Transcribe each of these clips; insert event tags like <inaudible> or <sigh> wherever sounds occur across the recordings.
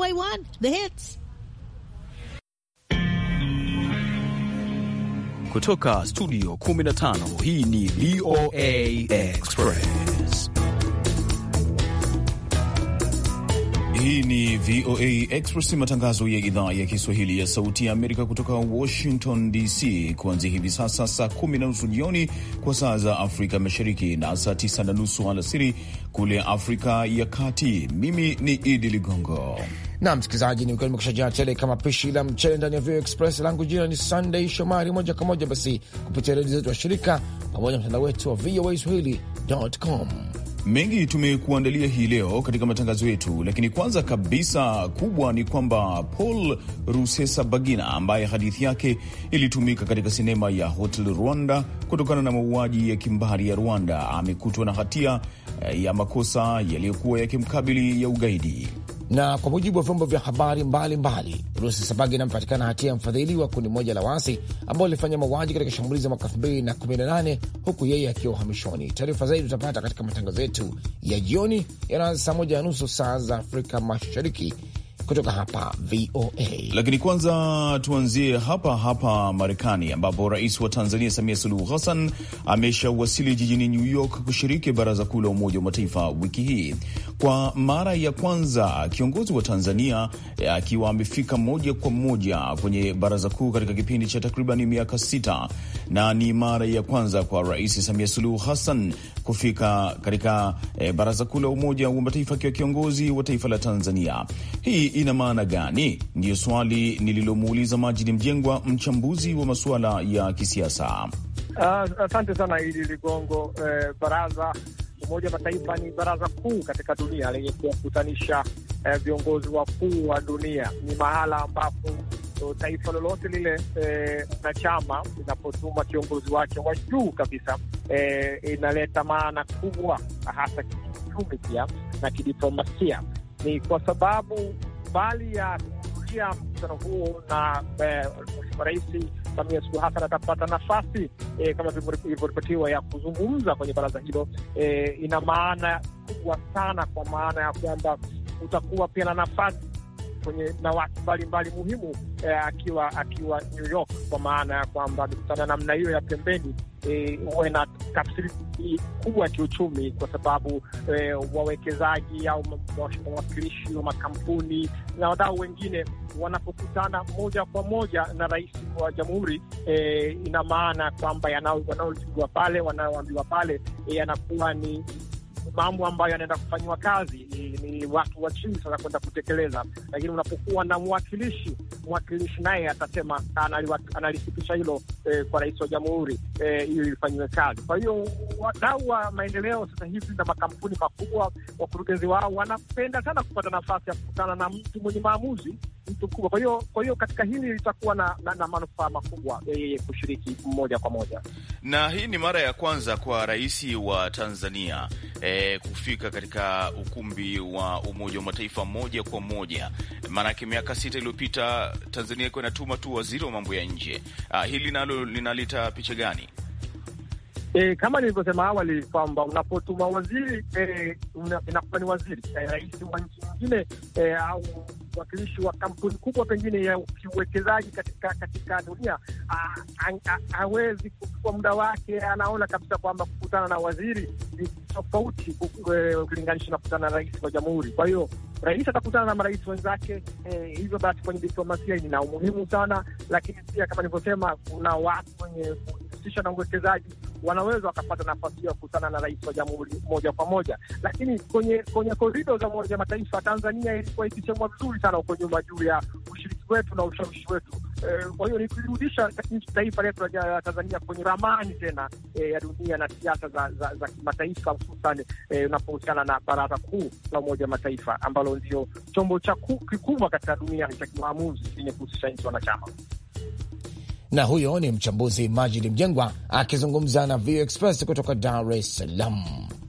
way one, the hits. Kutoka studio 15 hii ni VOA Express. Hii ni VOA Express, matangazo ya idhaa ya Kiswahili ya Sauti ya Amerika kutoka Washington DC, kuanzia hivi sasa saa kumi na nusu jioni kwa saa za Afrika Mashariki na saa tisa na nusu alasiri kule Afrika ya Kati. Mimi ni Idi Ligongo na msikilizaji, ni ukiwa nimekushajaa tele kama pishi la mchele ndani ya VOA Express. Langu jina ni Sunday Shomari, moja kwa moja basi kupitia redio zetu wa shirika pamoja na mtandao wetu wa VOA Swahili.com. Mengi tumekuandalia hii leo katika matangazo yetu, lakini kwanza kabisa kubwa ni kwamba Paul Rusesabagina ambaye hadithi yake ilitumika katika sinema ya Hotel Rwanda kutokana na mauaji ya kimbari ya Rwanda amekutwa na hatia eh, ya makosa yaliyokuwa yakimkabili ya ugaidi na kwa mujibu wa vyombo vya habari mbalimbali, Rusi Sabagi inampatikana hatia ya mfadhili wa kundi moja la waasi ambao lilifanya mauaji katika shambulizi ya mwaka 2018 huku yeye akiwa uhamishoni. Taarifa zaidi utapata katika matangazo yetu ya jioni yanaanza saa moja na nusu saa za Afrika Mashariki kutoka hapa VOA. Lakini kwanza tuanzie hapa hapa Marekani, ambapo rais wa Tanzania Samia Suluhu Hassan ameshawasili jijini New York kushiriki baraza kuu la Umoja wa Mataifa wiki hii. Kwa mara ya kwanza kiongozi wa Tanzania e, akiwa amefika moja kwa moja kwenye baraza kuu katika kipindi cha takriban miaka sita, na ni mara ya kwanza kwa rais Samia Suluhu Hassan kufika katika eh, baraza kuu la Umoja wa Mataifa akiwa kiongozi wa taifa la Tanzania. Hii ina maana gani? Ndiyo swali nililomuuliza Majidi Mjengwa, mchambuzi wa masuala ya kisiasa. Ah, asante uh, sana Idi Ligongo. Eh, baraza Umoja wa Mataifa ni baraza kuu katika dunia lenye kuwakutanisha eh, viongozi wakuu wa dunia. Ni mahala ambapo eh, taifa lolote lile eh, na eh, linapotuma kiongozi wake wa juu kabisa eh, inaleta maana kubwa hasa kiuchumi pia na kidiplomasia. Ni kwa sababu mbali ya kuhudhuria mkutano huo na eh, mheshimiwa rais Samia Suluhu Hassan atapata nafasi e, kama ilivyoripotiwa ya kuzungumza kwenye baraza hilo e, ina maana kubwa sana, kwa maana ya kwamba utakuwa pia na nafasi kwenye na watu mbalimbali muhimu e, akiwa akiwa New York, kwa maana ya kwamba mikutano ya namna hiyo ya pembeni huwe e, na tafsiri kubwa ya kiuchumi, kwa sababu e, wawekezaji au wawakilishi wa makampuni na wadau wengine wanapokutana moja kwa moja na rais wa jamhuri e, ina maana kwamba wanaojibiwa pale wanaoambiwa pale e, yanakuwa ni mambo ambayo yanaenda kufanyiwa kazi ni watu wa chini sasa kwenda kutekeleza. Lakini unapokuwa na mwakilishi, mwakilishi naye atasema analifikisha hilo eh, kwa rais wa jamhuri. Eh, hiyo eh, ifanyiwe kazi. Kwa hiyo wadau wa maendeleo sasa hivi na makampuni makubwa, wakurugenzi wao wanapenda sana kupata nafasi ya kukutana na mtu mwenye maamuzi, mtu mkubwa. Kwa hiyo kwa hiyo katika hili litakuwa na, na, na manufaa makubwa yeye kushiriki moja kwa moja, na hii ni mara ya kwanza kwa rais wa Tanzania eh, kufika katika ukumbi wa Umoja wa Mataifa moja kwa moja, maanake miaka sita iliyopita Tanzania ilikuwa inatuma tu waziri wa mambo ya nje. Ah, hili nalo linaleta picha gani? E, kama nilivyosema awali kwamba unapotuma waziri e, una, inakuwa ni waziri e, rais wa nchi nyingine e, au mwakilishi wa kampuni kubwa pengine ya kiuwekezaji katika katika dunia ah, ah, hawezi kuchukua muda wake. Anaona kabisa kwamba kukutana na waziri ni tofauti ukilinganisha na kukutana na rais wa jamhuri. Kwa hiyo rais atakutana na marais wenzake eh, hivyo basi kwenye diplomasia ina umuhimu sana, lakini pia kama nilivyosema, kuna watu wenye kujihusisha na uwekezaji wanaweza wakapata nafasi hiyo ya kukutana na rais wa jamhuri moja kwa moja, lakini kwenye kwenye korido za Umoja Mataifa Tanzania ilikuwa ikisemwa vizuri sana huko nyuma juu ya ushiriki wetu na ushawishi wetu. E, Kwa hiyo ni kuirudisha taifa letu la Tanzania kwenye ramani tena e, ya dunia na siasa za, za, za kimataifa hususan eh, unapohusiana na baraza kuu la Umoja Mataifa ambalo ndio chombo cha kikubwa katika dunia cha kimaamuzi chenye kuhusisha nchi wanachama na huyo ni mchambuzi Majid Mjengwa akizungumza na VOA Express kutoka Dar es Salaam.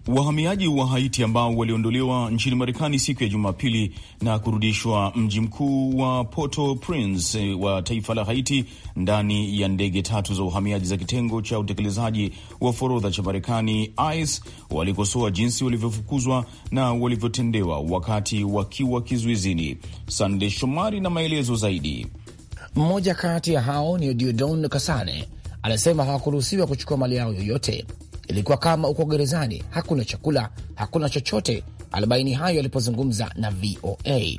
Wahamiaji wa Haiti ambao waliondolewa nchini Marekani siku ya Jumapili na kurudishwa mji mkuu wa Porto prince eh, wa taifa la Haiti ndani ya ndege tatu za uhamiaji za kitengo cha utekelezaji wa forodha cha Marekani ICE walikosoa jinsi walivyofukuzwa na walivyotendewa wakati wakiwa kizuizini. Sande Shomari na maelezo zaidi. Mmoja kati ya hao ni Diodon Kasane anasema hawakuruhusiwa kuchukua mali yao yoyote, ilikuwa kama uko gerezani, hakuna chakula, hakuna chochote. Alibaini hayo alipozungumza na VOA.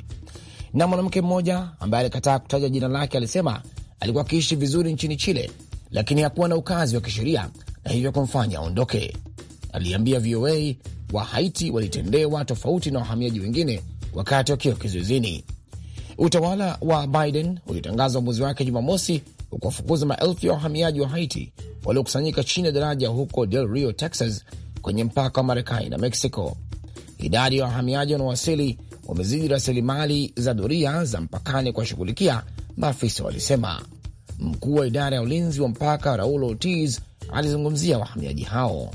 Na mwanamke mmoja ambaye alikataa kutaja jina lake alisema alikuwa akiishi vizuri nchini Chile, lakini hakuwa na ukazi wa kisheria na hivyo kumfanya aondoke. Aliambia VOA wa Haiti walitendewa tofauti na wahamiaji wengine wakati wakiwa kizuizini. Utawala wa Biden ulitangaza uamuzi wake Jumamosi wa kuwafukuza maelfu ya wahamiaji wa Haiti waliokusanyika chini ya daraja huko Del Rio, Texas, kwenye mpaka wa Marekani na Mexico. Idadi ya wahamiaji wanaowasili wamezidi rasilimali za doria za mpakani kuwashughulikia, maafisa walisema. Mkuu wa idara ya ulinzi wa mpaka Raul Ortiz alizungumzia wahamiaji hao.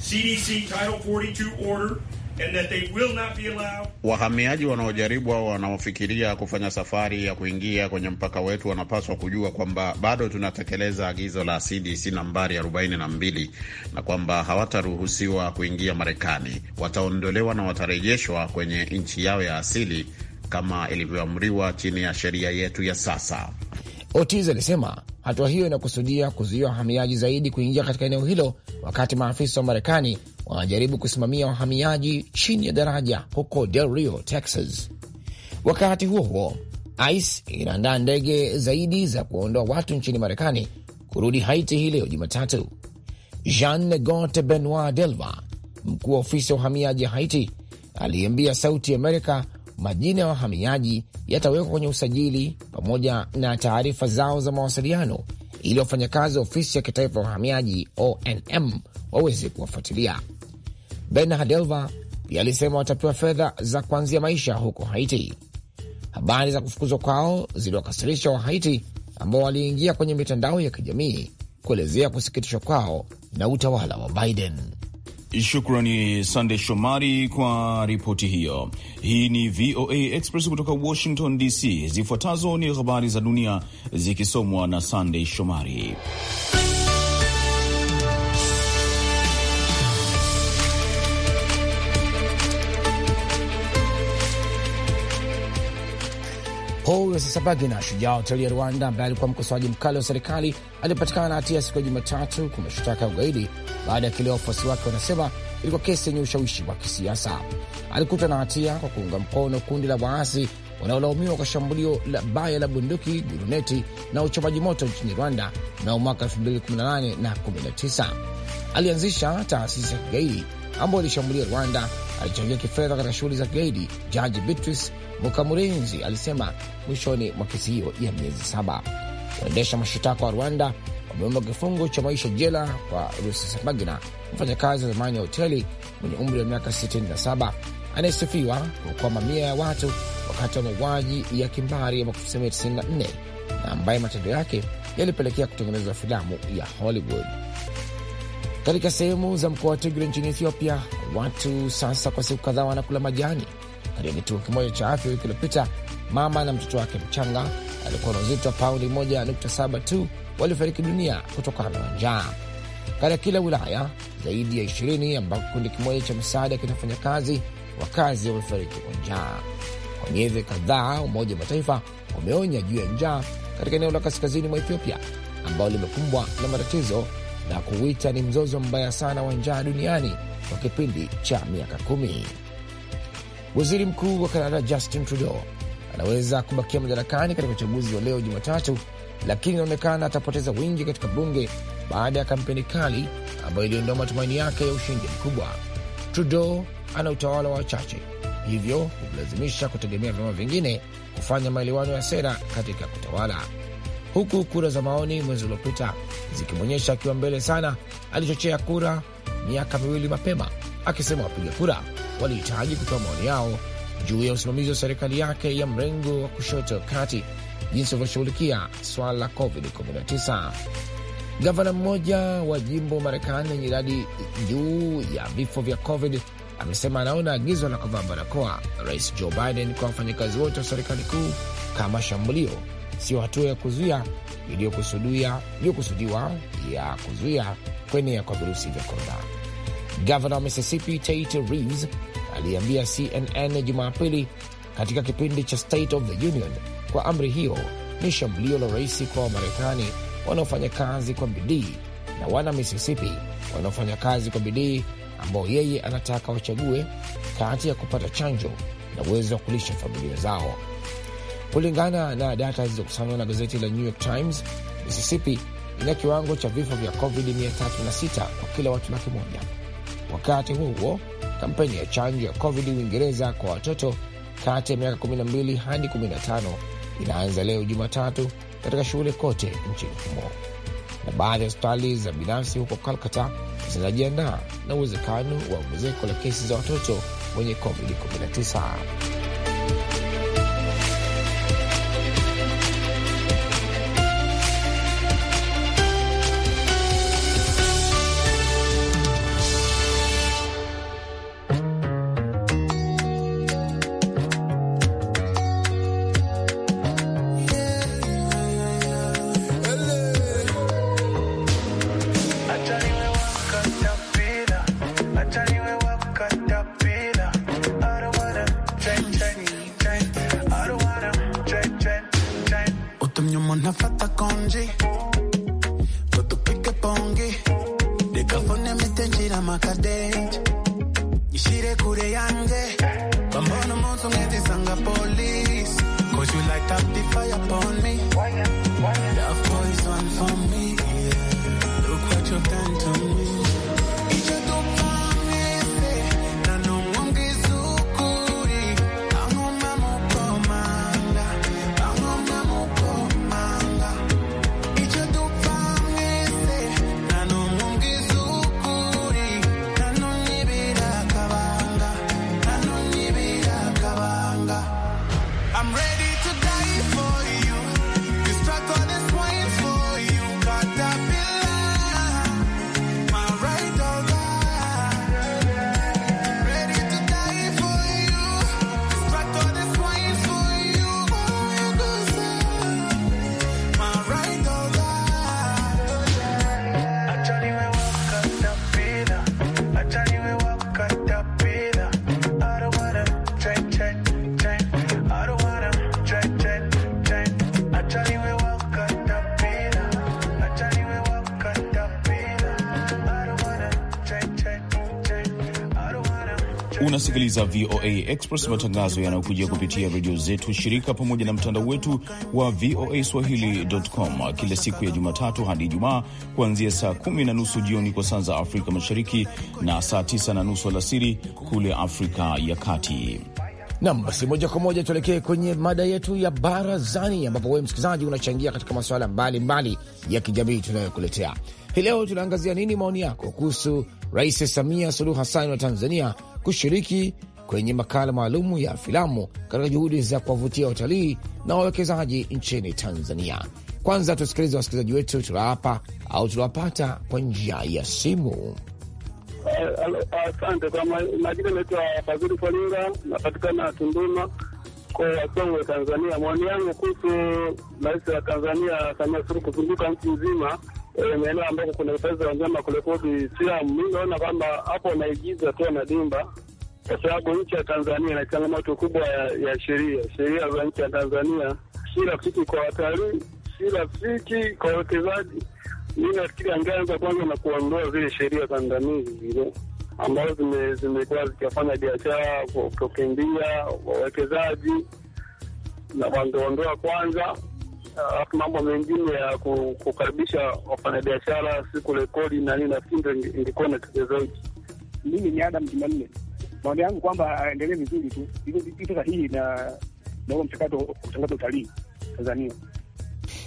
CDC Title 42 order and that they will not be allowed. Wahamiaji wanaojaribu au wanaofikiria kufanya safari ya kuingia kwenye mpaka wetu wanapaswa kujua kwamba bado tunatekeleza agizo la CDC nambari 42 na kwamba hawataruhusiwa kuingia Marekani. Wataondolewa na watarejeshwa kwenye nchi yao ya asili kama ilivyoamriwa chini ya sheria yetu ya sasa. Otiz alisema Hatua hiyo inakusudia kuzuia wahamiaji zaidi kuingia katika eneo hilo, wakati maafisa wa Marekani wanajaribu kusimamia wahamiaji chini ya daraja huko Del Rio, Texas. Wakati huo huo, ICE inaandaa ndege zaidi za kuondoa watu nchini Marekani kurudi Haiti hii leo Jumatatu. Jean Negote Benoit Delva, mkuu wa ofisi ya uhamiaji ya Haiti, aliambia Sauti Amerika majina ya wahamiaji yatawekwa kwenye usajili pamoja na taarifa zao za mawasiliano ili wafanyakazi wa ofisi ya kitaifa ya wahamiaji ONM waweze kuwafuatilia. ben Elva pia alisema watapewa fedha za kuanzia maisha huko Haiti. Habari za kufukuzwa kwao ziliwakasirisha Wahaiti ambao waliingia kwenye mitandao ya kijamii kuelezea kusikitishwa kwao na utawala wa Biden. Shukrani Sande Shomari kwa ripoti hiyo. Hii ni VOA Express kutoka Washington DC. Zifuatazo ni habari za dunia zikisomwa na sandey Shomari. na shujaa hoteli ya Rwanda ambaye alikuwa mkosoaji mkali wa serikali, alipatikana na hatia siku ya Jumatatu kwa mashtaka ya ugaidi baada ya kile wafuasi wake wanasema ilikuwa kesi yenye ushawishi wa kisiasa. Alikutwa na hatia kwa kuunga mkono kundi la waasi wanaolaumiwa kwa shambulio la baya la bunduki, guruneti na uchomaji moto nchini Rwanda mnamo mwaka 2018 na 19. Alianzisha taasisi ya kigaidi ambao walishambulia Rwanda alichangia kifedha katika shughuli za kigaidi. Jaji Beatrice Mukamurenzi alisema mwishoni mwa kesi hiyo ya miezi saba. Waendesha mashitaka wa Rwanda wameomba kifungo cha maisha jela kwa Rusesabagina, mfanyakazi wa zamani ya hoteli mwenye umri wa miaka 67 anayesifiwa kwa mamia ya watu wakati wa mauaji ya kimbari ya 1994 na ambaye matendo yake yalipelekea kutengenezwa filamu ya Hollywood. Katika sehemu za mkoa wa Tigre nchini Ethiopia, watu sasa kwa siku kadhaa wanakula majani. Katika kituo kimoja cha afya wiki iliyopita, mama na mtoto wake mchanga alikuwa na uzito wa paundi 1.7 tu waliofariki dunia kutokana na njaa. Katika kila wilaya zaidi ya 20 ambako kikundi kimoja cha msaada kinafanya kazi, wakazi wamefariki kwa njaa. Kwa miezi kadhaa, Umoja wa Mataifa umeonya juu ya njaa katika eneo la kaskazini mwa Ethiopia ambao limekumbwa na matatizo na kuuita ni mzozo mbaya sana wa njaa duniani kwa kipindi cha miaka kumi. Waziri mkuu wa Kanada Justin Trudeau anaweza kubakia madarakani katika uchaguzi wa leo Jumatatu, lakini inaonekana atapoteza wingi katika bunge baada ya kampeni kali ambayo iliondoa matumaini yake ya ushindi mkubwa. Trudeau ana utawala wa wachache, hivyo humlazimisha kutegemea vyama vingine kufanya maelewano ya sera katika kutawala huku kura za maoni mwezi uliopita zikimwonyesha akiwa mbele sana. Alichochea kura miaka miwili mapema, akisema wapiga kura walihitaji kutoa maoni yao juu ya usimamizi wa serikali yake ya mrengo wa kushoto kati, jinsi walivyoshughulikia swala la COVID-19. Gavana mmoja wa jimbo Marekani yenye idadi juu ya vifo vya COVID amesema anaona agizo la kuvaa barakoa Rais Joe Biden kwa wafanyakazi wote wa serikali kuu kama shambulio sio hatua ya kuzuia iliyokusudiwa ya kuzuia kuenea kwa virusi vya korona. Gavana wa Mississippi Tate Reeves aliambia CNN Jumapili katika kipindi cha State of the Union kwa amri hiyo ni shambulio la rais kwa Wamarekani wanaofanya kazi kwa bidii na wana Mississippi wanaofanya kazi kwa bidii ambao yeye anataka wachague kati ya kupata chanjo na uwezo wa kulisha familia zao. Kulingana na data zilizokusanywa na gazeti la New York Times, Mississippi ina kiwango cha vifo vya COVID 306 kwa kila watu laki moja. Wakati huo huo, kampeni ya chanjo ya COVID Uingereza kwa watoto kati ya miaka 12 hadi 15 inaanza leo Jumatatu katika shule kote nchini humo, na baadhi ya hospitali za binafsi huko kalkata zinajiandaa na uwezekano wa ongezeko la kesi za watoto wenye COVID-19. kusikiliza VOA Express, matangazo yanayokujia kupitia redio zetu shirika pamoja na mtandao wetu wa VOA Swahili.com kila siku ya Jumatatu hadi Ijumaa kuanzia saa kumi na nusu jioni kwa saa za Afrika Mashariki na saa tisa na nusu alasiri kule Afrika ya Kati. Nam, basi moja kwa moja tuelekee kwenye mada yetu ya barazani, ambapo wewe msikilizaji unachangia katika masuala mbalimbali ya kijamii tunayokuletea hii leo. Tunaangazia nini? Maoni yako kuhusu Rais Samia Suluhu Hassan wa Tanzania kushiriki kwenye makala maalumu ya filamu katika juhudi za kuwavutia watalii na wawekezaji nchini Tanzania. Kwanza tusikilize wasikilizaji wetu tuliwapa au tuliwapata kwa njia ya simu. Eh, asante. Kwa majina naitwa Fadhili Falinga, napatikana Tunduma kwa Wasongwe, Tanzania. Maoni yangu kuhusu rais wa Tanzania Samia Suluhu kuzunguka nchi nzima maeneo ambako kuna hifadhi za wanyama kurekodi filamu. Mi naona kwamba hapo wanaigiza tu, wanadimba, kwa sababu nchi ya Tanzania ina changamoto kubwa ya sheria. Sheria za nchi ya Tanzania si rafiki kwa watalii, si rafiki kwa wawekezaji. Mi nafikiri angeanza kwanza na kuondoa zile sheria kandamizi zile ambazo zimekuwa zikifanya biashara kutokimbia wawekezaji, na wangeondoa kwanza alafu ah, mambo mengine ya kukaribisha wafanyabiashara, siku rekodi na nini, nafikiri ingekuwa na tija zaidi. Mimi ni Adam Jumanne, maoni yangu kwamba aendelee vizuri tu, iko sahihi na nauo mchakato wa kutangaza utalii Tanzania.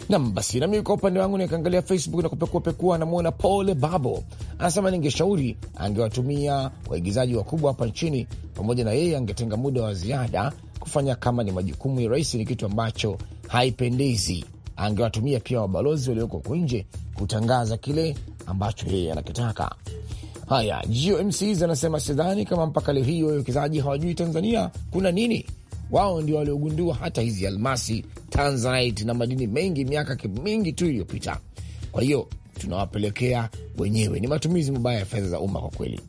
Nam basi, nami kwa upande wangu nikaangalia Facebook na kupekuapekua, namwona Pole Babo anasema ningeshauri angewatumia waigizaji wakubwa hapa nchini, pamoja na yeye angetenga muda wa ziada kufanya kama ni majukumu ya rais, ni kitu ambacho haipendezi. Angewatumia pia wabalozi walioko nje kutangaza kile ambacho yeye anakitaka. Haya, GOMC anasema sidhani kama mpaka leo hii wawekezaji hawajui Tanzania kuna nini. Wao ndio waliogundua hata hizi almasi, tanzanite na madini mengi miaka mingi tu iliyopita. Kwa hiyo tunawapelekea wenyewe, ni matumizi mabaya ya fedha za umma kwa kweli.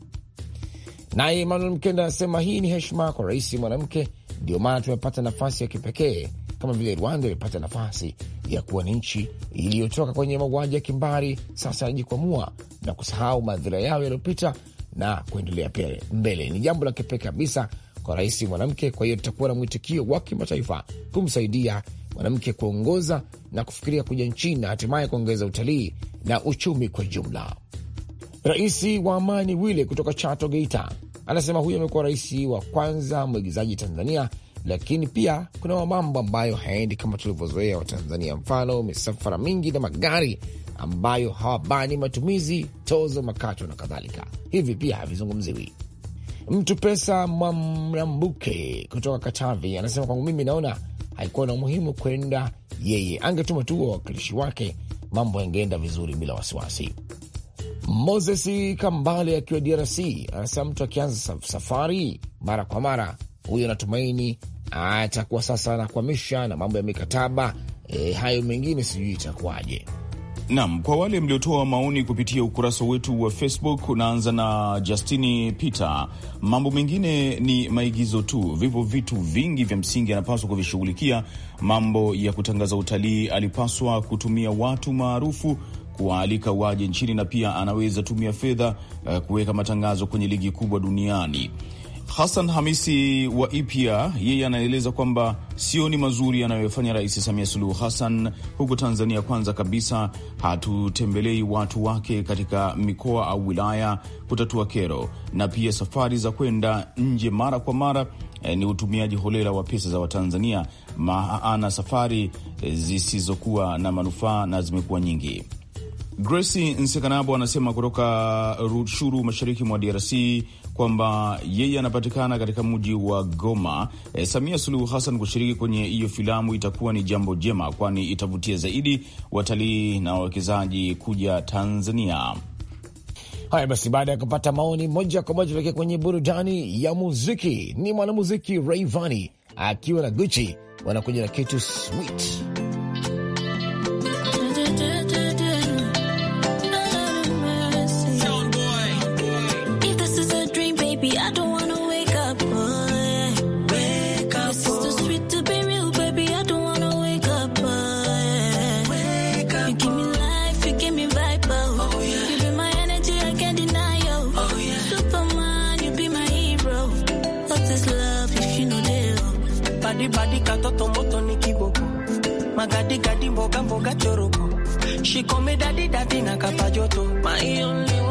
Naye Emmanuel Mkenda anasema hii ni heshima kwa rais mwanamke, ndio maana tumepata nafasi ya kipekee kama vile Rwanda ilipata nafasi ya kuwa ni nchi iliyotoka kwenye mauaji ya kimbari, sasa anajikwamua na kusahau madhira yao yaliyopita na kuendelea mbele. Ni jambo la kipekee kabisa kwa rais mwanamke. Kwa hiyo tutakuwa na mwitikio wa kimataifa kumsaidia mwanamke kuongoza na kufikiria kuja nchini na hatimaye kuongeza utalii na uchumi kwa jumla. Rais wa Amani Wile kutoka Chato, Geita, anasema huyo amekuwa rais wa kwanza mwigizaji Tanzania lakini pia kuna mambo ambayo hayaendi kama tulivyozoea Watanzania, mfano misafara mingi na magari ambayo hawabani matumizi, tozo, makato na kadhalika, hivi pia havizungumziwi. Mtu pesa Mwamrambuke kutoka Katavi anasema, kwangu mimi naona haikuwa na umuhimu kwenda, yeye angetuma tu wawakilishi wake, mambo yangeenda vizuri bila wasiwasi. Moses Kambale akiwa DRC anasema mtu akianza safari mara kwa mara, huyo anatumaini atakuwa sasa anakwamisha na mambo ya mikataba e, hayo mengine sijui itakuwaje. Naam, kwa wale mliotoa maoni kupitia ukurasa wetu wa Facebook, unaanza na Justini Peter. Mambo mengine ni maigizo tu, vipo vitu vingi vya msingi anapaswa kuvishughulikia. Mambo ya kutangaza utalii, alipaswa kutumia watu maarufu kuwaalika waje nchini, na pia anaweza tumia fedha uh, kuweka matangazo kwenye ligi kubwa duniani. Hassan Hamisi wa ipia yeye anaeleza kwamba sioni mazuri yanayofanya Rais Samia Suluhu Hassan huko Tanzania. Kwanza kabisa, hatutembelei watu wake katika mikoa au wilaya kutatua kero, na pia safari za kwenda nje mara kwa mara eh, ni utumiaji holela wa pesa za Watanzania, maana safari eh, zisizokuwa na manufaa na zimekuwa nyingi. Grace Nsekanabo anasema kutoka Rutshuru, mashariki mwa DRC kwamba yeye anapatikana katika mji wa Goma. E, Samia Suluhu Hassan kushiriki kwenye hiyo filamu itakuwa ni jambo jema, kwani itavutia zaidi watalii na wawekezaji kuja Tanzania. Haya basi, baada ya kupata maoni moja kwa moja, tuelekea kwenye burudani ya muziki. Ni mwanamuziki Rayvanny akiwa na Gucci wanakuja na kitu sweet badi badi katoto moto ni kiboko magadi gadi mboga mboga choroko shikome dadi dadi na kapa joto my only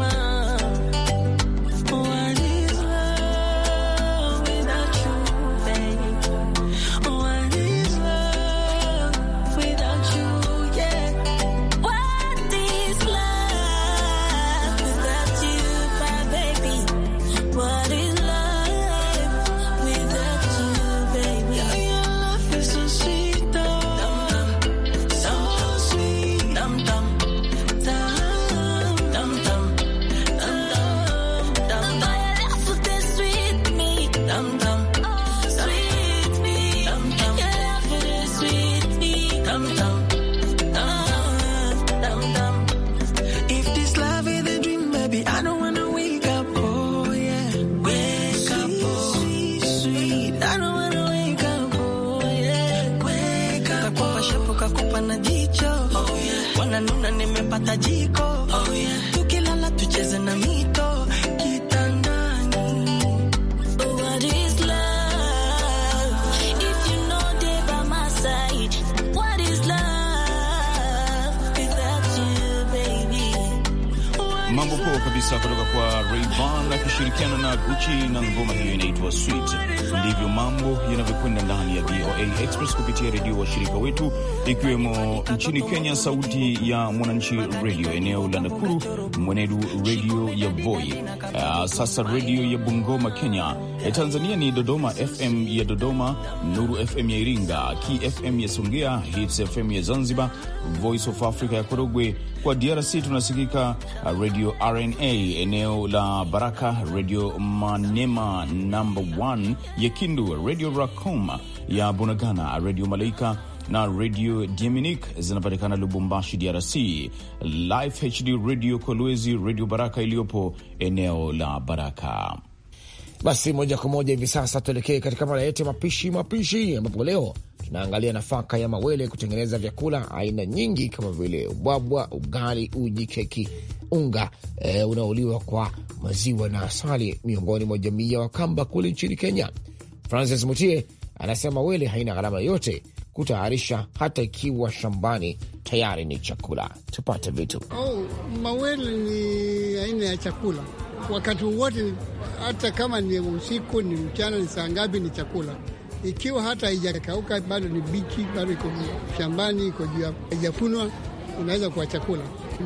akishirikiana na Gucci na ngoma hiyo inaitwa Sweet ndivyo mambo yanavyokwenda ndani ya VOA Express kupitia redio washirika wetu, ikiwemo nchini Kenya, Sauti ya Mwananchi redio eneo la Nakuru, Mwenedu redio ya Voi, uh, sasa redio ya Bungoma Kenya. E, Tanzania ni Dodoma FM ya Dodoma, Nuru FM ya Iringa, KFM ya Songea, Hits FM ya Zanzibar, Voice of Africa ya Korogwe. Kwa DRC tunasikika radio RNA eneo la Baraka, redio Manema namba 1 Yekindu, Redio Racom ya Bunagana, Redio Malaika na Redio Dominic zinapatikana Lubumbashi, DRC, Life HD radio Kolwezi, Redio Baraka iliyopo eneo la Baraka. Basi moja kwa moja hivi sasa tuelekee katika mara yetu ya mapishi mapishi, ambapo leo tunaangalia nafaka ya mawele kutengeneza vyakula aina nyingi kama vile ubwabwa, ugali, uji, keki, unga e, unaoliwa kwa maziwa na asali, miongoni mwa jamii ya Wakamba kule nchini Kenya. Francis Mutie anasema weli haina gharama yoyote kutayarisha hata ikiwa shambani tayari ni chakula. Tupate vitu oh, mawele ni aina ya chakula wakati wowote, hata kama ni usiku, ni mchana, ni saa ngapi, ni chakula. Ikiwa hata haijakauka bado ni bichi, bado iko shambani, iko juu, haijafunwa, unaweza kuwa chakula,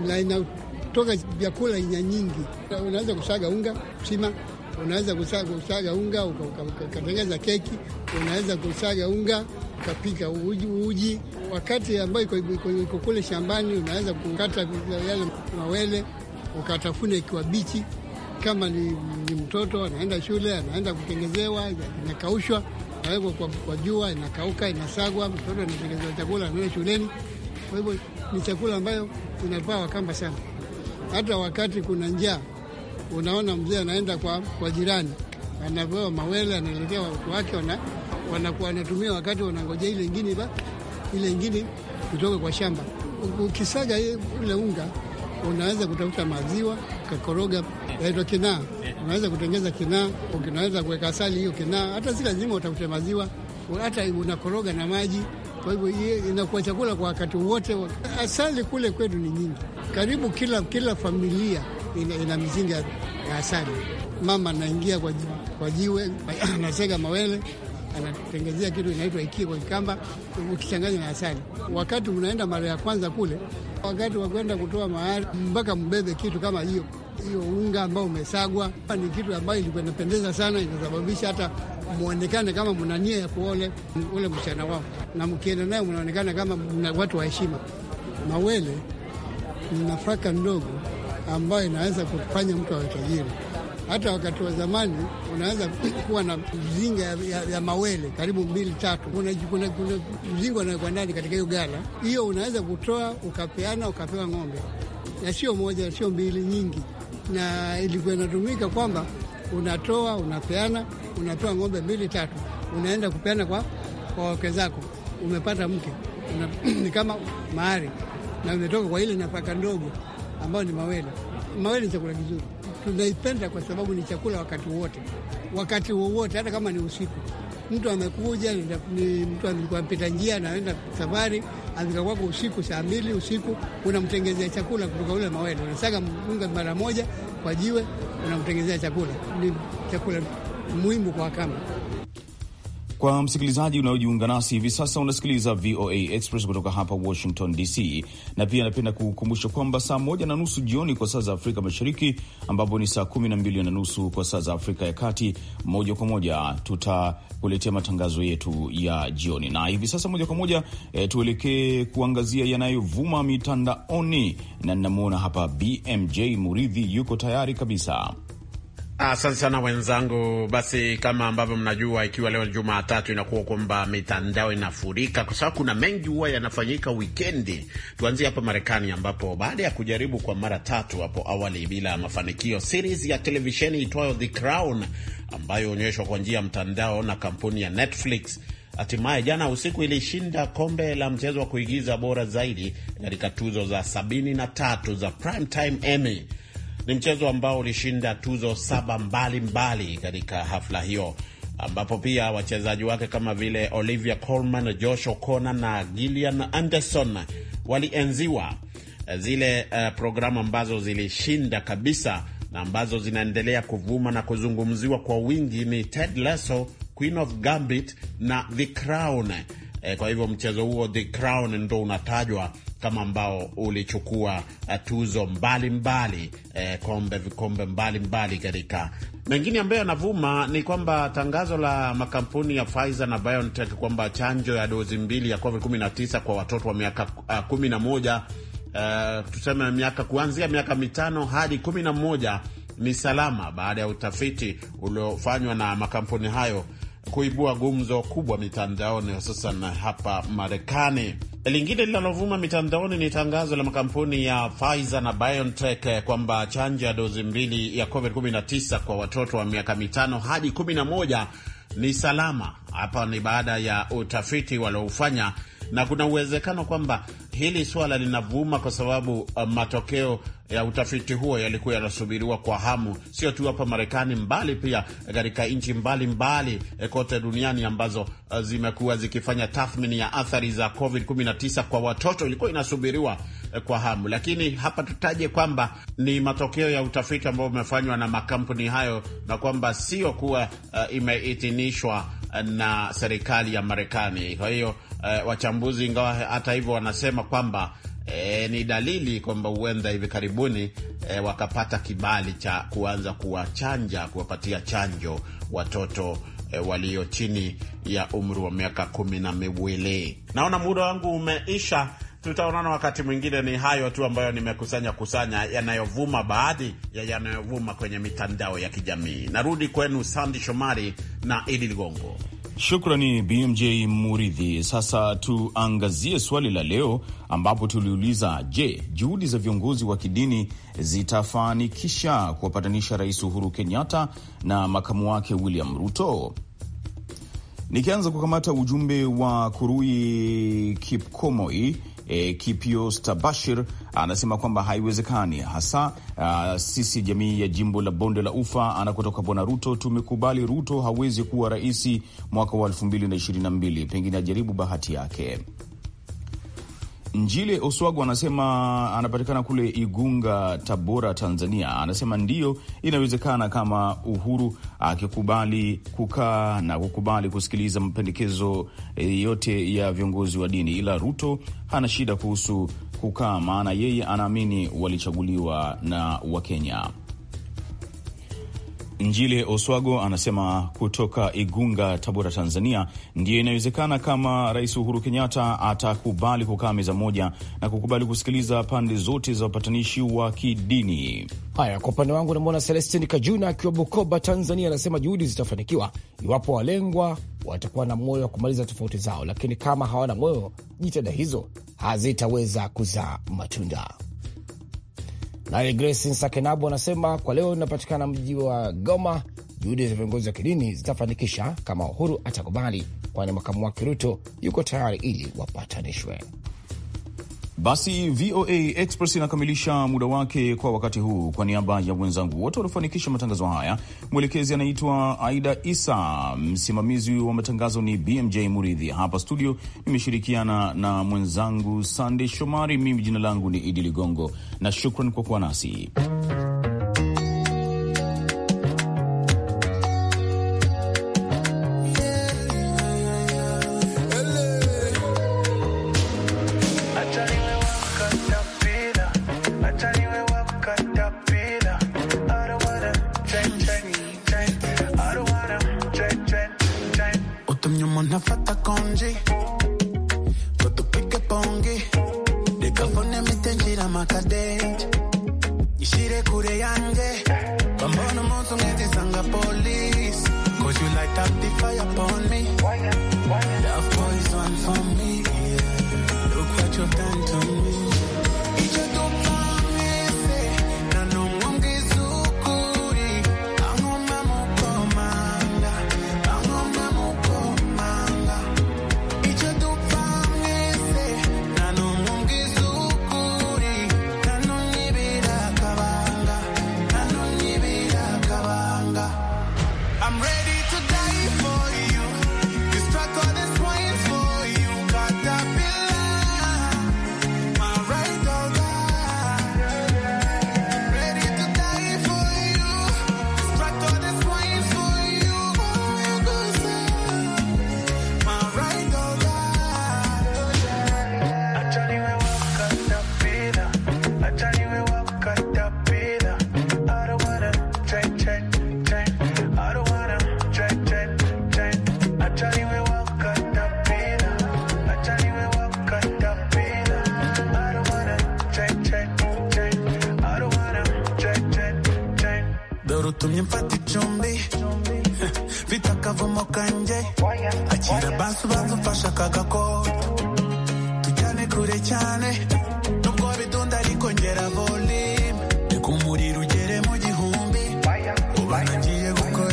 na inatoka vyakula ina nyingi. Unaweza kusaga unga sima unaweza kusaga, kusaga unga ukatengeza keki, unaweza kusaga unga ukapika uji, uji. Wakati ambayo iko kule shambani unaweza kukata yale mawele ukatafuna ikiwa bichi. Kama ni, ni mtoto anaenda shule anaenda kutengezewa, inakaushwa nawekwa kwa, kwa jua, inakauka, inasagwa, mtoto anatengezewa chakula anaenda shuleni. Kwa hivyo ni chakula ambayo inapaa Wakamba sana, hata wakati kuna njaa unaona mzee anaenda kwa, kwa jirani anapewa mawele, anaelekea watu wake, wanakuwa wanatumia wakati wanangoja ile ingine ile ingine kutoka kwa shamba. Ukisaga ule unga unaweza kutafuta maziwa ukakoroga, naitwa kinaa. Unaweza kutengeza kinaa, unaweza kuweka asali hiyo kinaa, hata si lazima utafute maziwa, hata unakoroga na maji. Kwa hivyo inakuwa chakula kwa wakati wote. Asali kule kwetu ni nyingi, karibu kila, kila familia ina, ina mizinga ya asali. Mama anaingia kwa, kwa jiwe <clears throat> anasega mawele anatengezea kitu inaitwa ikie kwa Kikamba, ukichanganya na asali. Wakati mnaenda mara ya kwanza kule, wakati wa kwenda kutoa mahari, mpaka mbebe kitu kama hiyo hiyo unga ambao umesagwa. Ni kitu ambayo ilikuwa inapendeza sana, inasababisha hata mwonekane kama mna nia ya kuole ule mchana wao, na mkienda naye mnaonekana kama mna watu wa heshima. Mawele ni nafaka ndogo ambayo inaweza kufanya mtu awe tajiri. Hata wakati wa zamani unaweza kuwa na mzinga ya, ya, ya mawele karibu mbili tatu, kuna mzinga unawekwa ndani katika hiyo gala hiyo, unaweza kutoa ukapeana ukapewa ng'ombe, na sio moja sio mbili, nyingi. Na ilikuwa inatumika kwamba unatoa unapeana, unatoa ng'ombe mbili tatu, unaenda kupeana kwa kwa wake zako. Umepata mke <clears throat> ni kama mahari na umetoka kwa ile nafaka ndogo ambayo ni mawele. Mawele ni chakula kizuri, tunaipenda kwa sababu ni chakula wakati wote, wakati wowote, hata kama ni usiku. Mtu amekuja ni mtu alikuwa mpita njia, naenda safari, afika kwako usiku saa mbili usiku, unamtengezea chakula kutoka ule mawele, unasaga unga mara moja kwa jiwe, unamtengezea chakula. Ni chakula muhimu kwa Wakamba. Kwa msikilizaji unaojiunga nasi hivi sasa, unasikiliza VOA Express kutoka hapa Washington DC, na pia napenda kukumbusha kwamba saa moja na nusu jioni kwa saa za Afrika Mashariki, ambapo ni saa kumi na mbili na nusu kwa saa za Afrika ya Kati, moja kwa moja tutakuletea matangazo yetu ya jioni. Na hivi sasa moja kwa moja e, tuelekee kuangazia yanayovuma mitandaoni, na ninamwona hapa BMJ Muridhi yuko tayari kabisa. Asante sana wenzangu. Basi kama ambavyo mnajua, ikiwa leo Jumatatu inakuwa kwamba mitandao inafurika kwa sababu kuna mengi huwa yanafanyika wikendi. Tuanzie hapa Marekani, ambapo baada ya kujaribu kwa mara tatu hapo awali bila mafanikio, series ya televisheni itwayo The Crown ambayo huonyeshwa kwa njia ya mtandao na kampuni ya Netflix hatimaye jana usiku ilishinda kombe la mchezo wa kuigiza bora zaidi katika tuzo za 73 za Primetime Emmy. Ni mchezo ambao ulishinda tuzo saba mbalimbali katika hafla hiyo, ambapo pia wachezaji wake kama vile Olivia Colman, Josh O'Connor na Gillian Anderson walienziwa. Zile uh, programu ambazo zilishinda kabisa na ambazo zinaendelea kuvuma na kuzungumziwa kwa wingi ni Ted Lasso, Queen of Gambit na The Crown. E, kwa hivyo mchezo huo The Crown ndo unatajwa kama ambao ulichukua eh, tuzo mbalimbali mbali, eh, e, kombe vikombe mbalimbali katika mengine ambayo yanavuma ni kwamba tangazo la makampuni ya Pfizer na BioNTech kwamba chanjo ya dozi mbili ya COVID-19 kwa watoto wa miaka eh, kumi na moja uh, tuseme miaka kuanzia miaka mitano hadi kumi na moja ni salama baada ya utafiti uliofanywa na makampuni hayo kuibua gumzo kubwa mitandaoni, hususan hapa Marekani. Lingine linalovuma mitandaoni ni tangazo la makampuni ya Pfizer na BioNTech kwamba chanjo ya dozi mbili ya COVID-19 kwa watoto wa miaka mitano hadi 11 ni salama. Hapa ni baada ya utafiti walioufanya na kuna uwezekano kwamba hili swala linavuma kwa sababu uh, matokeo ya utafiti huo yalikuwa yanasubiriwa kwa hamu, sio tu hapa Marekani, mbali pia katika nchi mbalimbali eh, kote duniani ambazo uh, zimekuwa zikifanya tathmini ya athari za COVID-19 kwa watoto, ilikuwa inasubiriwa eh, kwa hamu. Lakini hapa tutaje kwamba ni matokeo ya utafiti ambao umefanywa na makampuni hayo na kwamba sio kuwa uh, imeitinishwa eh, na serikali ya Marekani. Kwa hiyo eh, wachambuzi ingawa hata hivyo wanasema kwamba eh, ni dalili kwamba huenda hivi karibuni eh, wakapata kibali cha kuanza kuwachanja, kuwapatia chanjo watoto eh, walio chini ya umri wa miaka kumi na miwili. Naona muda wangu umeisha. Tutaonana wakati mwingine. Ni hayo tu ambayo nimekusanya kusanya yanayovuma, baadhi ya yanayovuma kwenye mitandao ya kijamii. Narudi kwenu Sandi Shomari na Idi Ligongo. Shukrani BMJ Muridhi. Sasa tuangazie swali la leo, ambapo tuliuliza, je, juhudi za viongozi wa kidini zitafanikisha kuwapatanisha Rais Uhuru Kenyatta na makamu wake William Ruto? Nikianza kukamata ujumbe wa Kurui Kipkomoi E, eh, Kipio Stabashir anasema kwamba haiwezekani hasa. Uh, sisi jamii ya jimbo la bonde la ufa anakotoka bwana Ruto tumekubali Ruto hawezi kuwa rais mwaka wa 222 pengine ajaribu bahati yake. Njile Oswago anasema anapatikana kule Igunga, Tabora, Tanzania. Anasema ndiyo inawezekana kama Uhuru akikubali kukaa na kukubali kusikiliza mapendekezo eh, yote ya viongozi wa dini, ila Ruto hana shida kuhusu kukaa, maana yeye anaamini walichaguliwa na Wakenya njile Oswago anasema kutoka Igunga, Tabora, Tanzania, ndiyo inawezekana kama Rais Uhuru Kenyatta atakubali kukaa meza moja na kukubali kusikiliza pande zote za upatanishi wa kidini. Haya, kwa upande wangu namwona Celestin Kajuna akiwa Bukoba, Tanzania, anasema juhudi zitafanikiwa iwapo walengwa watakuwa na moyo wa kumaliza tofauti zao, lakini kama hawana moyo, jitihada hizo hazitaweza kuzaa matunda. Naye Grace nsakenabu anasema kwa leo inapatikana mji wa Goma. Juhudi za viongozi wa kidini zitafanikisha kama Uhuru atakubali, kwani makamu wake Ruto yuko tayari ili wapatanishwe. Basi VOA Express inakamilisha muda wake kwa wakati huu. Kwa niaba ya wenzangu wote waliofanikisha matangazo haya, mwelekezi anaitwa Aida Isa, msimamizi wa matangazo ni BMJ Muridhi. Hapa studio nimeshirikiana na mwenzangu Sandey Shomari. Mimi jina langu ni Idi Ligongo na shukran kwa kuwa nasi.